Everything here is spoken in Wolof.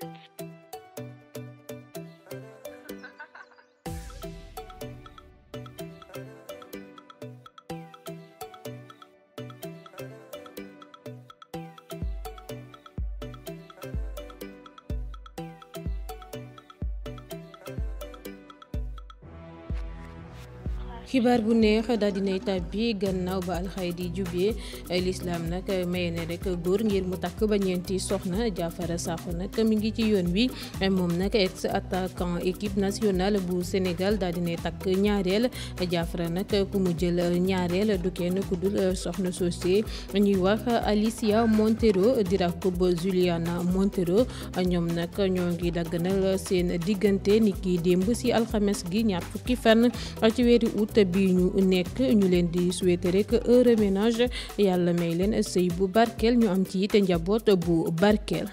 Tschüss. xibaar bu neex daal dinay tàbbi gannaaw ba alxaydi jubee lislaam nag maye ne rek góor ngir mu takk ba ñeenti soxna Jaafara Sakho nag mu ngi ci yoon wi moom nag ex attaquant équipe nationale bu Sénégal daal dinay takk ñaareel Jaafara nag ku mu jël ñaareel du kenn ku dul soxna soosé ñuy wax Alicia Montero di rakk ba Juliana Montero ñoom nag ñoo ngi dagganal seen diggante ni ki démb si alxames gi ñaar fukki fan ci weeru août bi ñu nekk ñu leen di souhaiter rek heureux ménage yàlla may leen sëy bu barkeel ñu am ci it njaboot bu barkeel